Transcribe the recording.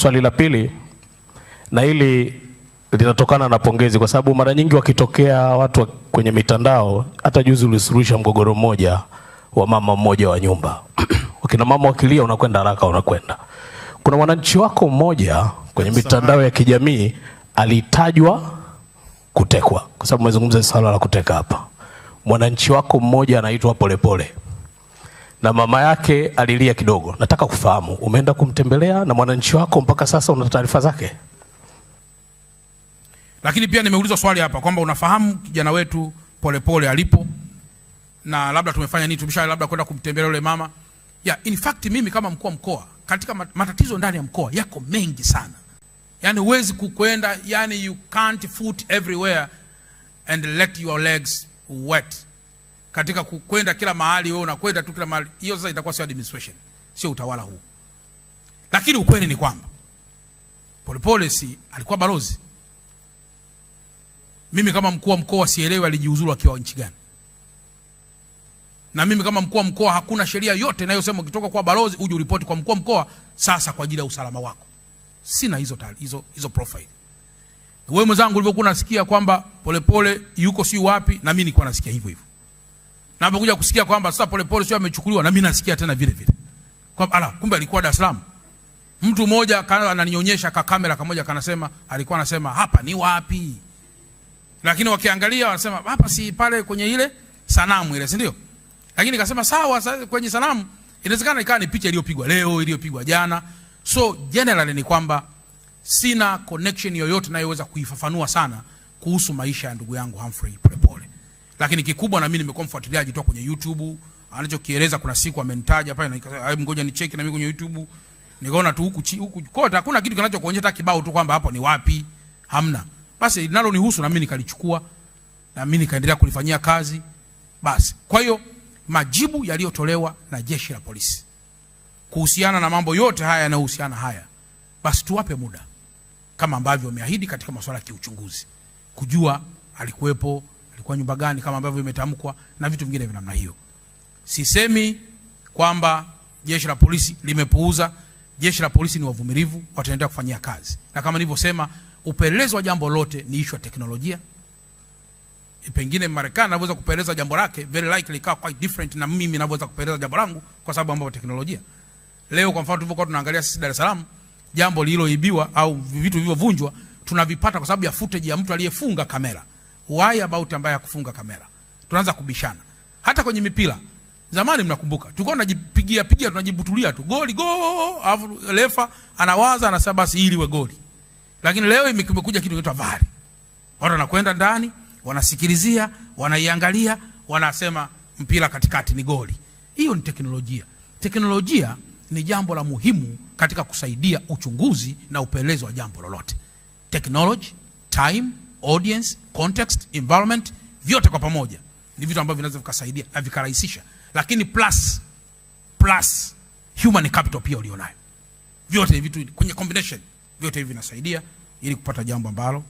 Swali la pili, na hili linatokana na pongezi, kwa sababu mara nyingi wakitokea watu kwenye mitandao, hata juzi ulisuluhisha mgogoro mmoja wa mama mmoja wa nyumba wakina mama wakilia, unakwenda haraka, unakwenda. Kuna mwananchi wako mmoja kwenye mitandao ya kijamii alitajwa kutekwa, kwa sababu umezungumza swala la kuteka hapa. Mwananchi wako mmoja anaitwa Polepole na mama yake alilia kidogo. Nataka kufahamu umeenda kumtembelea na mwananchi wako mpaka sasa una taarifa zake? Lakini pia nimeulizwa swali hapa kwamba unafahamu kijana wetu Polepole pole alipo na labda tumefanya nini, tumesha labda kwenda kumtembelea yule mama ya yeah. In fact mimi kama mkuu wa mkoa katika matatizo ndani ya mkoa yako mengi sana, yani huwezi kukwenda, yani you can't foot everywhere and let your legs wet katika kwenda kila mahali, wewe unakwenda tu kila mahali. Hiyo sasa itakuwa sio administration, sio utawala huu. Lakini ukweli ni kwamba Polepole si alikuwa balozi. Mimi kama mkuu wa mkoa sielewi alijiuzuru akiwa nchi gani, na mimi kama mkuu wa mkoa hakuna sheria yote inayosema ukitoka kwa balozi uje uripoti kwa mkuu wa mkoa sasa kwa ajili ya usalama wako. Sina hizo hizo hizo profile. Wewe mwenzangu ulivyokuwa unasikia kwamba Polepole yuko si wapi, na mimi nilikuwa nasikia hivyo hivyo na amekuja kusikia kwamba sasa Polepole sio amechukuliwa, na mimi nasikia tena vile vile kwa ala, kumbe alikuwa Dar es Salaam. Mtu mmoja ananionyesha ka kamera kamoja, kanasema alikuwa anasema hapa ni wapi, lakini wakiangalia wanasema hapa si pale kwenye ile sanamu ile, si ndio? Lakini kasema sawa, sasa kwenye sanamu inawezekana ikawa ni picha iliyopigwa leo, iliyopigwa jana. So generally ni kwamba sina connection yoyote nayoweza kuifafanua sana kuhusu maisha ya ndugu yangu Humphrey Polepole. Lakini kikubwa na mimi nimekuwa mfuatiliaji toka kwenye YouTube, anachokieleza kuna siku amenitaja pale, nikasema ngoja ni cheki na mimi kwenye YouTube. Nikaona tu huku huku kote hakuna kitu kinachokuonyesha hata kibao tu kwamba hapo ni wapi, hamna. Basi nalo nihusu na mimi nikalichukua na mimi nikaendelea kulifanyia kazi. Basi kwa hiyo majibu yaliyotolewa na jeshi la polisi kuhusiana na mambo yote haya yanayohusiana haya, basi tuwape muda kama ambavyo wameahidi katika masuala ya kiuchunguzi, kujua alikuwepo ni kwa nyumba gani kama ambavyo imetamkwa na vitu vingine vya namna hiyo. Sisemi kwamba jeshi la polisi limepuuza. Jeshi la polisi ni wavumilivu, wataendelea kufanyia kazi, na kama nilivyosema, upelelezi wa jambo lote ni ishu ya teknolojia. E, pengine Marekani anaweza kupeleza jambo lake very likely kaa quite different na mimi ninavyoweza kupeleza jambo langu kwa sababu ambapo teknolojia leo. Kwa mfano tulivyokuwa tunaangalia sisi Dar es Salaam jambo lililoibiwa au vitu vilivyovunjwa tunavipata kwa sababu ya footage ya mtu aliyefunga kamera why about ambaye akufunga kamera, tunaanza kubishana. Hata kwenye mipira zamani, mnakumbuka tulikuwa tunajipigia pigia, tunajibutulia tu goli go, alafu refa anawaza anasema basi iliwe goli. Lakini leo imekuja kitu kinaitwa VAR, watu wanakwenda ndani wanasikilizia, wanaiangalia, wanasema mpira katikati ni goli. Hiyo ni teknolojia. Teknolojia ni jambo la muhimu katika kusaidia uchunguzi na upelelezi wa jambo lolote. Technology, time audience, context, environment, vyote kwa pamoja ni vitu ambavyo vinaweza vikasaidia na vikarahisisha, lakini plus plus human capital pia ulionayo, vyote vitu kwenye combination, vyote hivi vinasaidia ili kupata jambo ambalo